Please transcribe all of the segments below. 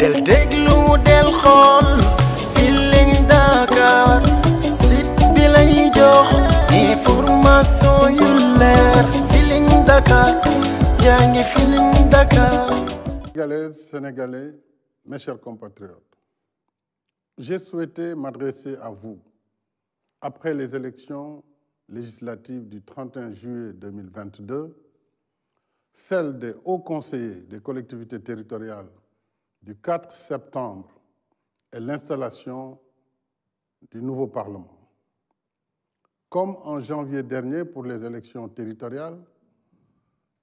del déglu del xool Feeling Dakar site bi lay jox information yu leer Feeling Dakar yaa ngi Feeling Dakar Sénégalais, mes chers compatriotes j'ai souhaité m'adresser à vous après les élections législatives du juillet celles des hauts conseillers des collectivité territoriale du 4 septembre est l'installation du nouveau Parlement. Comme en janvier dernier pour les élections territoriales,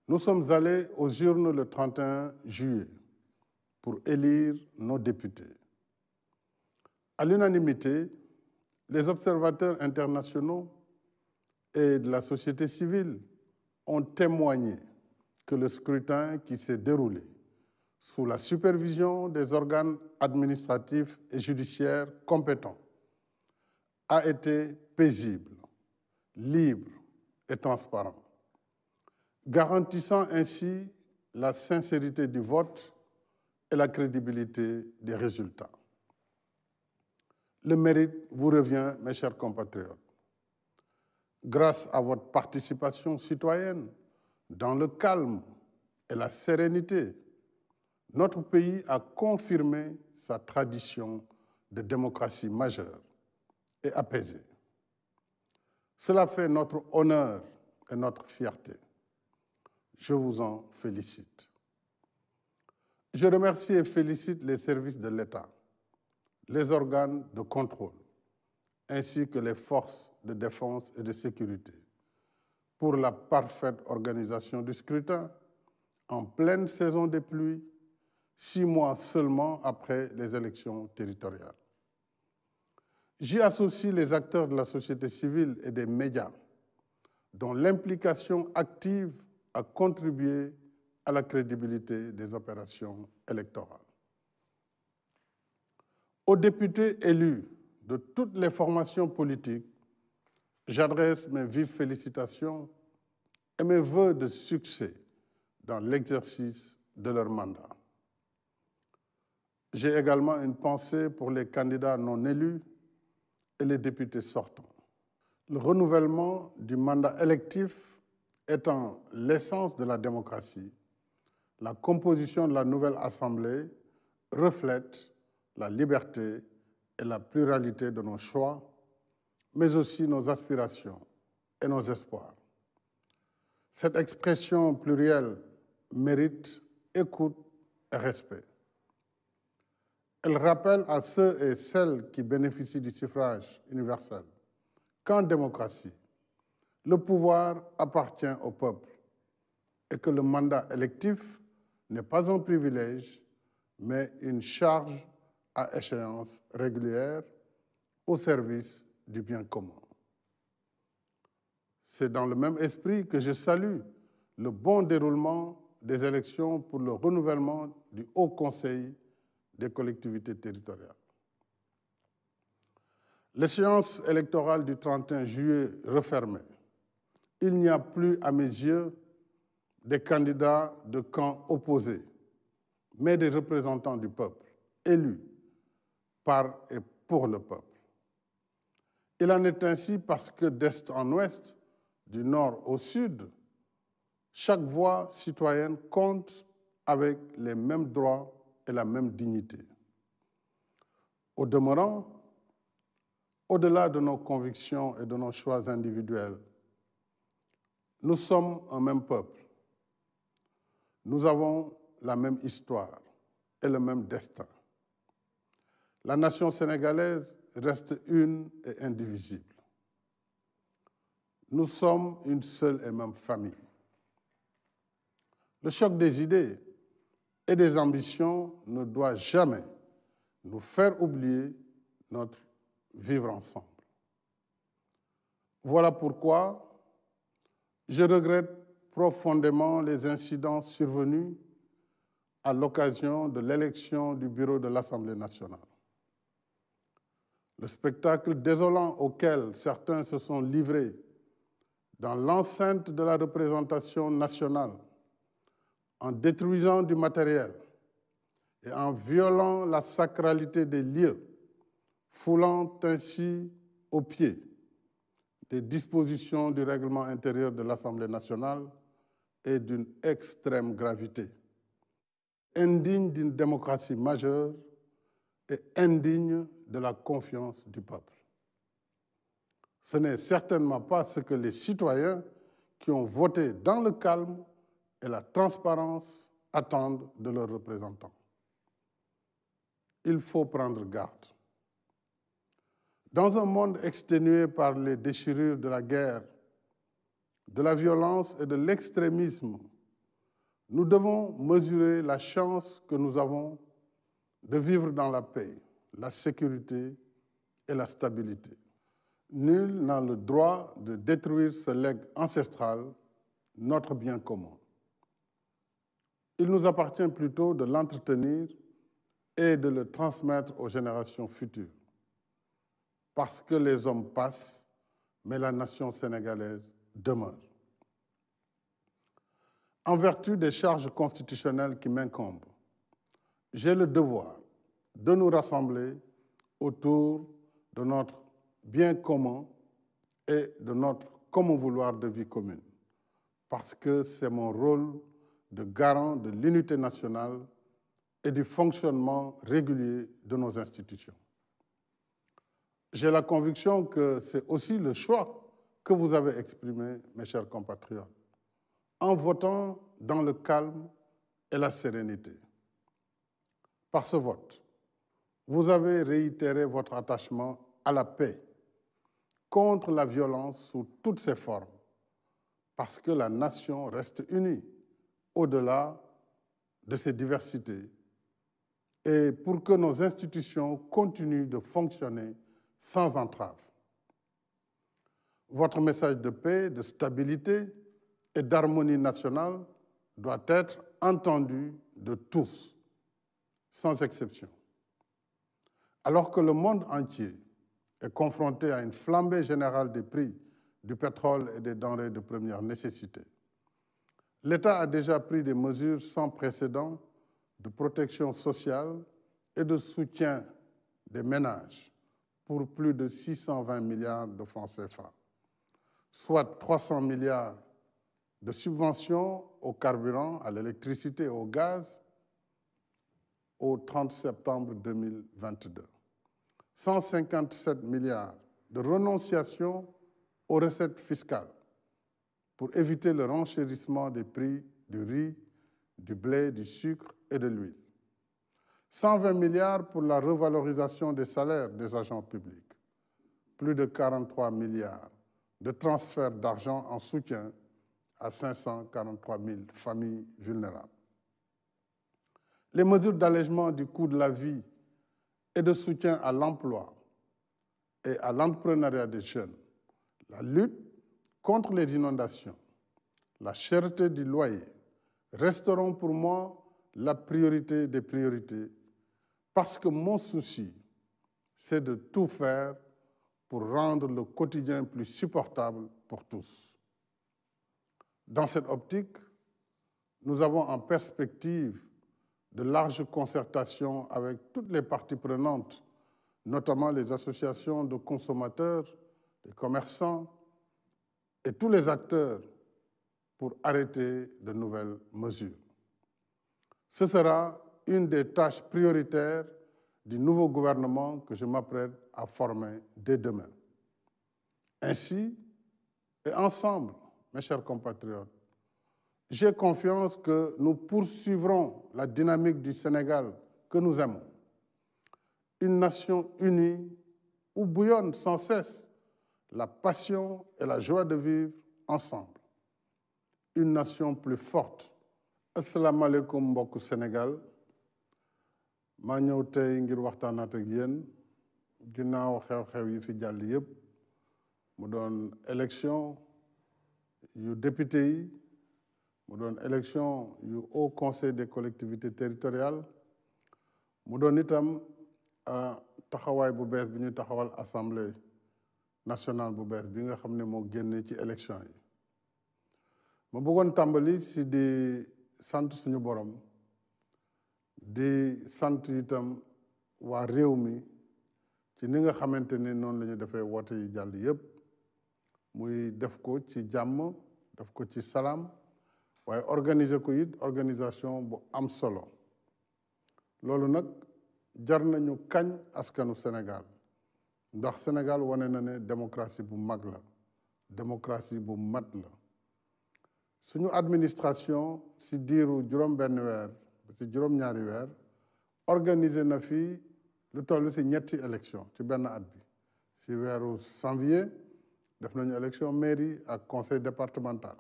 nous sommes allés aux urnes le 31 juillet pour élire nos députés. À l'unanimité, les observateurs internationaux et de la société civile ont témoigné que le scrutin qui s'est déroulé sous la supervision des organes administratifs et judiciaires compétents, a été paisible, libre et transparent, garantissant ainsi la sincérité du vote et la crédibilité des résultats. Le mérite vous revient, mes chers compatriotes. Grâce à votre participation citoyenne, dans le calme et la sérénité, notre pays a confirmé sa tradition de démocratie majeure et apaisée. Cela fait notre honneur et notre fierté. Je vous en félicite. Je remercie et félicite les services de l'État, les organes de contrôle, ainsi que les forces de défense et de sécurité pour la parfaite organisation du scrutin en pleine saison des pluies six mois seulement après les élections territoriales. J'y associe les acteurs de la société civile et des médias, dont l'implication active a contribuer à la crédibilité des opérations électorales. Aux députés élus de toutes les formations politiques, j'adresse mes vives félicitations et mes voeux de succès dans l'exercice de leur mandat. J'ai également une pensée pour les candidats non élus et les députés sortants. Le renouvellement du mandat électif étant l'essence de la démocratie, la composition de la nouvelle Assemblée reflète la liberté et la pluralité de nos choix, mais aussi nos aspirations et nos espoirs. Cette expression plurielle mérite écoute et respect. Elle rappelle à ceux et celles qui bénéficient du suffrage universel qu'en démocratie, le pouvoir appartient au peuple et que le mandat électif n'est pas un privilège, mais une charge à échéance régulière au service du bien commun. C'est dans le même esprit que je salue le bon déroulement des élections pour le renouvellement du Haut Conseil des collectivités territoriales. L'échéance électorale du 31 juillet refermée, il n'y a plus, à mes yeux, des candidats de camps opposés, mais des représentants du peuple, élus par et pour le peuple. Il en est ainsi parce que d'est en ouest, du nord au sud, chaque voix citoyenne compte avec les mêmes droits et la même dignité. Au demeurant, au-delà de nos convictions et de nos choix individuels, nous sommes un même peuple. Nous avons la même histoire et le même destin. La nation sénégalaise reste une et indivisible. Nous sommes une seule et même famille. Le choc des idées et des ambitions ne doit jamais nous faire oublier notre vivre ensemble. Voilà pourquoi je regrette profondément les incidents survenus à l'occasion de l'élection du bureau de l'Assemblée nationale. Le spectacle désolant auquel certains se sont livrés dans l'enceinte de la représentation nationale en détruisant du matériel et en violant la sacralité des lieux, foulant ainsi aux pieds des dispositions du règlement intérieur de l'Assemblée nationale et d'une extrême gravité, indigne d'une démocratie majeure et indigne de la confiance du peuple. Ce n'est certainement pas ce que les citoyens qui ont voté dans le calme et la transparence attendent de leurs représentants. Il faut prendre garde. Dans un monde exténué par les déchirures de la guerre, de la violence et de l'extrémisme, nous devons mesurer la chance que nous avons de vivre dans la paix, la sécurité et la stabilité. Nul n'a le droit de détruire ce legs ancestral, notre bien commun. Il nous appartient plutôt de l'entretenir et de le transmettre aux générations futures. Parce que les hommes passent, mais la nation sénégalaise demeure. En vertu des charges constitutionnelles qui m'incombent, j'ai le devoir de nous rassembler autour de notre bien commun et de notre commun vouloir de vie commune, parce que c'est mon rôle de garant de l'unité nationale et du fonctionnement régulier de nos institutions. J'ai la conviction que c'est aussi le choix que vous avez exprimé, mes chers compatriotes, en votant dans le calme et la sérénité. Par ce vote, vous avez réitéré votre attachement à la paix contre la violence sous toutes ses formes, parce que la nation reste unie au-delà de ces diversités et pour que nos institutions continuent de fonctionner sans entrave. Votre message de paix, de stabilité et d'harmonie nationale doit être entendu de tous, sans exception. Alors que le monde entier est confronté à une flambée générale des prix du pétrole et des denrées de première nécessité, l'État a déjà pris des mesures sans précédent de protection sociale et de soutien des ménages pour plus de 620 milliards de francs CFA, soit 300 milliards de subventions au carburant, à l'électricité au gaz au 30 septembre 2022. 157 milliards de renonciation aux recettes fiscales pour éviter le renchérissement des prix du riz, du blé, du sucre et de l'huile. 120 pour la revalorisation des salaires des agents publics. de 43 milliards de transferts d'argent en soutien à 543 000 familles vulnérables. Les mesures d'allègement du coût de la vie et de soutien à l'emploi et à l'entrepreneuriat des jeunes, la contre les inondations, la cherté du loyer resteront pour moi la priorité des priorités, parce que mon souci, c'est de tout faire pour rendre le quotidien plus supportable pour tous. Dans cette optique, nous avons en perspective de larges concertations avec toutes les parties prenantes, notamment les associations de consommateurs, les commerçants, et tous les acteurs pour arrêter de nouvelles mesures. Ce sera une des tâches prioritaires du nouveau gouvernement que je m'apprête à former des demain. Ainsi, et ensemble, mes chers compatriotes, j'ai confiance que nous poursuivrons la dynamique du Sénégal que nous aimons. Une nation unie où bouillonne sans cesse la passion et la joie de vivre ensemble une nation plus forte asalaamaaleykum mbokku Sénégal maa ñëw tey ngir waxtaanaat ak yéen ginnaaw xew-xew yi fi jàll yépp mu doon élection yu député yi mu doon élection yu haut conseil des collectivités territoriale mu doon itam euh, taxawaay bu bees bi ñuy taxawal assemblée national bu bees bi nga xam ne moo génne ci élection yi ma bëggoon tàmbali si di sant suñu borom di sant itam waa réew mi ci ni nga xamante ni noonu la ñu defee woote yi jàll yépp muy def ko ci jàmm def ko ci salaam waaye organiser ko it organisation bu am solo loolu nag jar nañu kañ askanu Sénégal ndax Sénégal wane na ne démocratie bu mag la démocratie bu mat la suñu administration ci diiru juróom benn weer ci juróom ñaari weer organiser na fi lu toll si ñetti élection ci benn at bi si weeru janvier def nañu élection mairie ak conseil départemental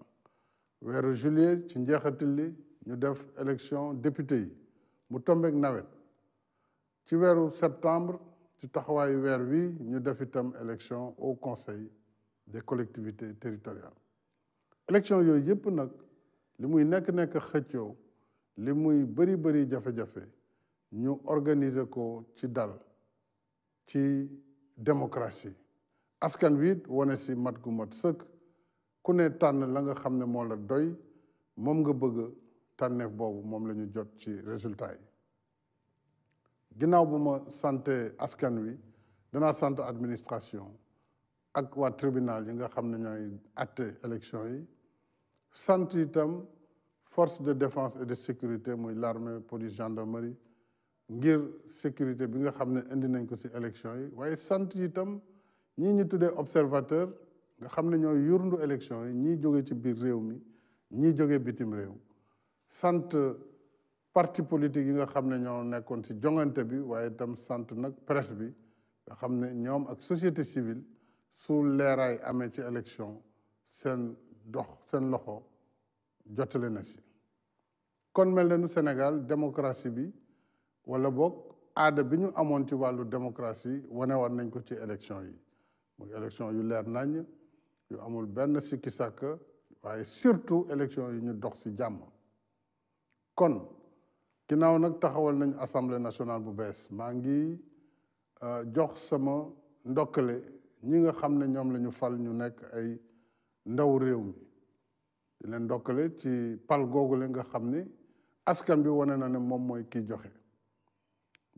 weeru juillet ci njeexital li ñu def élection député yi mu tombeek nawet ci weeru septembre taxawaayu weer wi ñu def itam élection au conseil des collectivités territoriales élection yooyu yëpp nag li muy nekk-nekk xëccoo li muy bëri bëri jafe-jafe ñu organiser ko ci dal ci démocratie askan wi wane si mat gu mat sëkk ku ne tànn la nga xam ne moo la doy moom nga bëgg tànneef boobu moom la ñu jot ci résultat yi ginnaaw bu ma santé askan wi danaa sant administration ak waa tribunal yi nga xam ne ñooy atte élection yi sant itam force de défense et de sécurité muy l'armée police gendarmerie ngir sécurité bi nga xam ne indi nañ ko ci élection yi waaye sant itam ñii ñu tuddee observateur nga xam ne ñooy yurndu élection yi ñii jóge ci biir réew mi ñi jóge bitim réew sant parti politique yi nga xam ne ñoo nekkoon si jongante bi waaye tam sant nag presse bi nga xam ne ñoom ak société civile su leeraay amee ci élection seen dox seen loxo jotle na si kon mel na nu Sénégal démocratie bi wala boog aada bi ñu amoon ci wàllu démocratie wane war nañ ko ci élection yi muy élection yu leer nañ yu amul benn sikki sàkk waaye surtout élection yi ñu dox si jàmm kon ginnaaw nag taxawal nañ assemblée nationale bu bees maa ngi euh, jox sama ndokkale ñi nga xam ne ñoom la ñu fal ñu nekk ay ndaw réew mi di leen ndokkale ci pal googu la nga xam ni askan bi wane na ne moom mooy kii joxe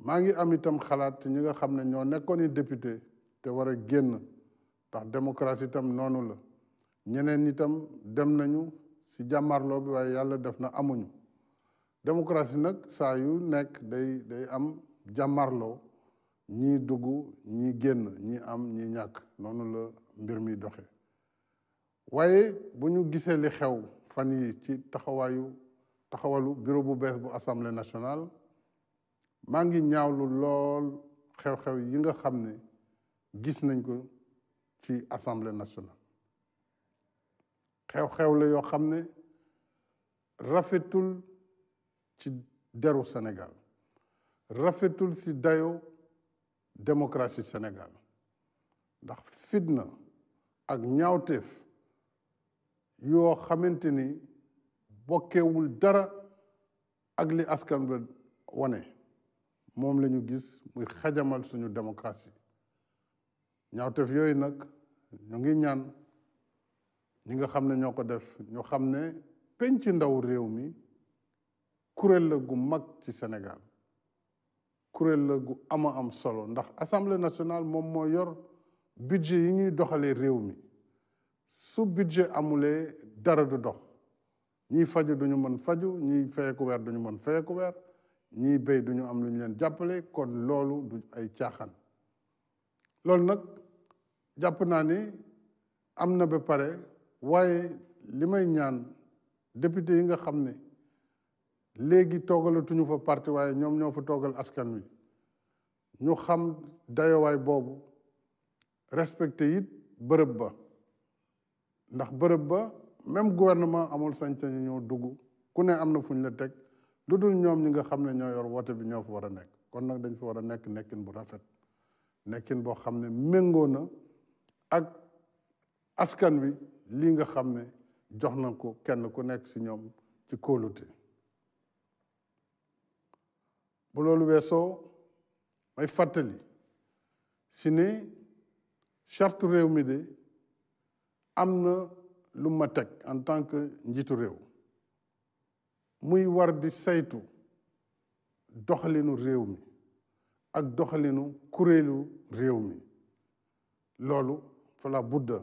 maa ngi am itam xalaat ci ñi nga xam ne ñoo nekkoon i député te war a génn ndax démocratie itam noonu la ñeneen itam dem nañu ci jàmmarloo bi waaye yàlla def na amuñu démocratie nag saa yu nekk day day am jàmmarloo ñii dugg ñii génn ñii am ñii ñàkk noonu la mbir mi doxe waaye bu ñu gisee li xew fan yi ci taxawaayu taxawalu bureau bu bees bu assemblée nationale maa ngi ñaawlu lool xew-xew yi nga xam ne gis nañ ko ci assemblée nationale xew-xew la yoo xam ne rafetul ci deru Sénégal rafetul ci dayo démocratie Sénégal ndax fitna ak ñaawteef yoo xamante ni bokkewul dara ak li askan bi wane moom lañu gis muy xajamal suñu démocratie ñaawteef yooyu nag ñu ngi ñaan ñi nga xam ne ñoo ko def ñu xam ne ci ndaw réew mi kuréel la gu mag ci Sénégal kuréel la gu ama am solo ndax assemblée nationale moom moo yor budget yi ñuy doxalee réew mi su budget amulee dara du dox ñiy faju duñu mën faju ñiy fayeku weer duñu mën ku weer ñiy du ñu am lu ñu leen jàppale kon loolu du ay caaxaan loolu nag jàpp naa ni am na ba pare waaye li may ñaan député yi nga xam ne léegi toogalatuñu fa parti waaye ñoom ñoo fa toogal askan wi ñu xam dayowaay boobu respecte it bërëb ba ndax bërëb ba même gouvernement amul sañ-sañu ñoo dugg ku ne am na fuñ la teg lu dul ñoom ñi nga xam ne ñoo yor woote bi ñoo fa war a nekk kon nag dañ fa war a nekk nekkin bu rafet nekkin boo xam ne méngoo na ak askan wi lii nga xam ne jox na ko kenn ku nekk si ñoom ci kóolute bu loolu weesoo may fàttali si ne charte réew mi de am na lu ma teg en tant que njiitu réew muy war di saytu doxalinu réew mi ak doxalinu kuréelu réew mi loolu fala budda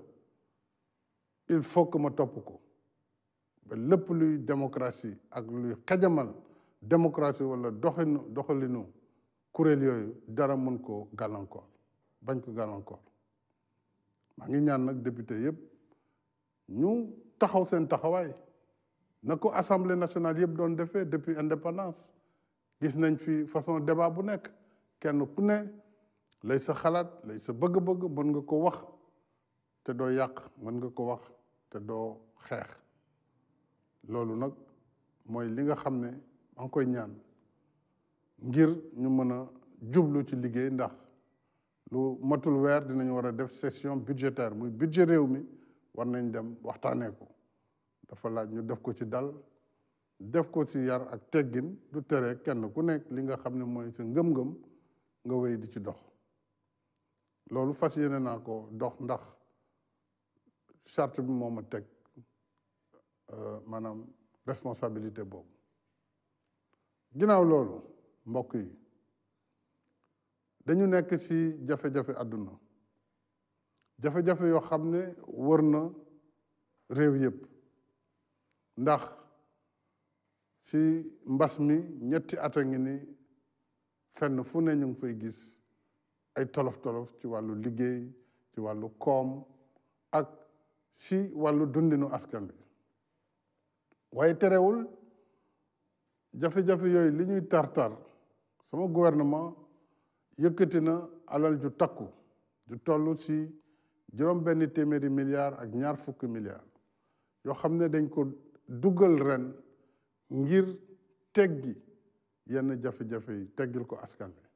il faut que ma topp ko ba lépp luy démocratie ak luy xajamal démocratie wala doxinu doxalinu kuréel yooyu dara mën koo gàllankoor bañ ko gàllankoor maa ngi ñaan nag député yëpp ñu taxaw seen taxawaay na ko assemblée nationale yëpp doon defee depuis indépendance gis nañ fi façon débat bu nekk kenn ku ne lay sa xalaat lay sa bëgg-bëgg mën nga ko wax te doo yàq mën nga ko wax te doo xeex loolu nag mooy li nga xam ne maa koy ñaan ngir ñu mën a jublu ci liggéey ndax lu matul weer dinañ war a def session budgétaire muy budget réew mi war nañ dem waxtaanee ko dafa laaj ñu def ko ci dal def ko ci yar ak teggin du tere kenn ku nekk li nga xam ne mooy sa ngëm-ngëm nga wéy di ci dox loolu fas yéene naa ko dox ndax charte bi moom a teg euh, maanaam responsabilité boobu ginaaw loolu mbokk yi dañu nekk ci jafe-jafe àdduna jafe-jafe yoo xam ne wër na réew yëpp ndax si mbas mi ñetti at a ngi ni fenn fu ne ñu ngi fay gis ay tolof-tolof ci wàllu liggéey ci wàllu koom ak ci wàllu dundinu askan bi waaye terewul jafe-jafe yooyu li ñuy tar-tar sama gouvernement yëkkati na alal ju takku ju toll ci juróom benn téeméeri milliards ak ñaar fukki milliards yoo xam ne dañ ko dugal ren ngir teggi yenn jafe-jafe yi teggil ko askan wi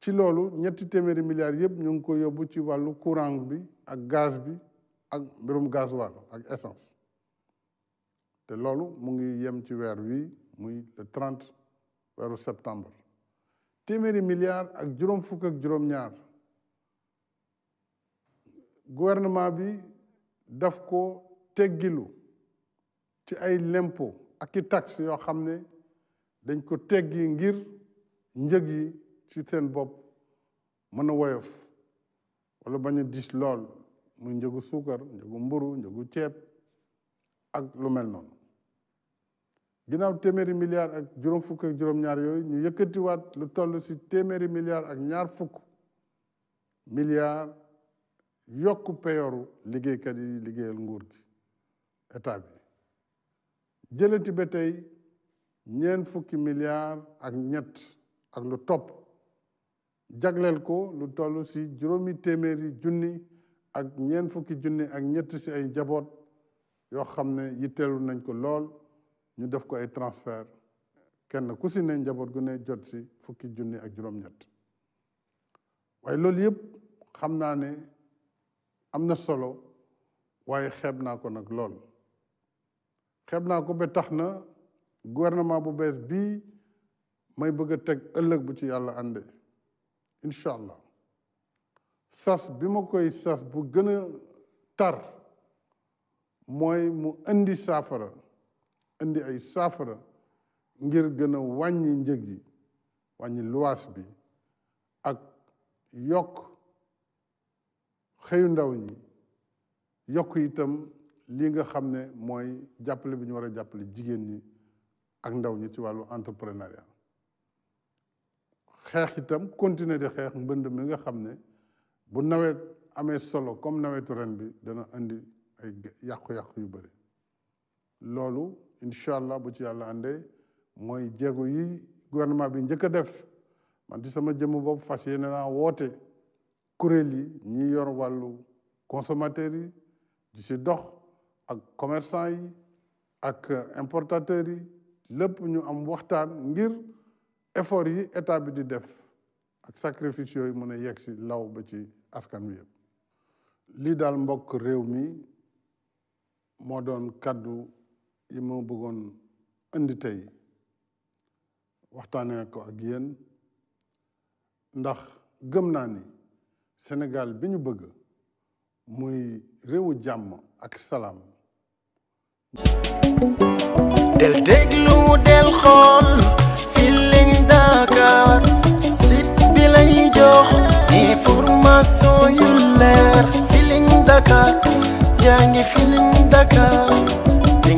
ci loolu ñetti téeméeri milliards yëpp ñu ngi ko yóbbu ci wàllu courant bi ak gaz bi ak mbirum gasoil ak essence te loolu mu ngi yem ci weer wi muy le trente weeru septembre téeméeri milliards ak juróom fukk ak juróom ñaar gouvernement bi daf ko teggilu ci ay lempo ak i taxe yoo xam ne dañ ko teggi ngir njëg yi ci seen bopp mën a woyof wala bañ a dis lool muy njëgu suukar njëgu mburu njëgu ceeb ak lu mel noonu ginnaaw téeméeri milliards ak juróom fukk juróom-ñaar yooyu ñu yëkkatiwaat lu toll ci téeméeri milliards ak ñaar fukk milliards yokk peyoru liggéeykat yi liggéeyal nguur gi état bi jëlati ba ñeent fukki milliards ak ñett ak lu topp jagleel ko lu toll ci juróomi téeméeri junni ak ñeent fukki junni ak ñett ci ay jaboot yoo xam ne yitteelu nañ ko lool ñu def ko ay transfert kenn ku si ne njaboot gu ne jot si fukki junni ak juróom-ñett waaye loolu yëpp xam naa ne am na solo waaye xeeb naa ko nag lool xeeb naa ko ba tax na gouvernement bu bees bii may bëgg a teg ëllëg bu ci yàlla ànde incha allah sas bi ma koy sas bu gën a tar mooy mu indi saafara indi ay saafara ngir gën wàññi njëg yi wàññi luwaas bi ak yokk xëyu ndaw ñi yokk itam lii nga xam ne mooy jàppale bi ñu war a jàppale jigéen ñi ak ndaw ñi ci wàllu entrepreneuriat xeex itam continuer di xeex mbënd mi nga xam ne bu nawet amee solo comme nawetu ren bi dana indi ay yàqu-yàqu yu bëri loolu incha allah bu ci yàlla àndee mooy jéego yi gouvernement bi njëkk a def man ci sama jëmm bopp fas yéene naa woote kuréel yi ñi yor wàllu consommateurs yi di si dox ak commerçant yi ak importateurs yi lépp ñu am waxtaan ngir effort yi état bi di def ak sacrifice yooyu mën a yegg si law ba ci askan wi yëpp lii daal mbokk réew mi moo doon kaddu yi ma bëggoon indi tey waxtaanee ko ak yéen ndax gëm naa ni Sénégal bi ñu bëgg muy réewu jàmm ak salaam del déglu del xool Feeling Dakar site bi lay jox information yu leer Feeling Dakar yaa ngi Feeling Dakar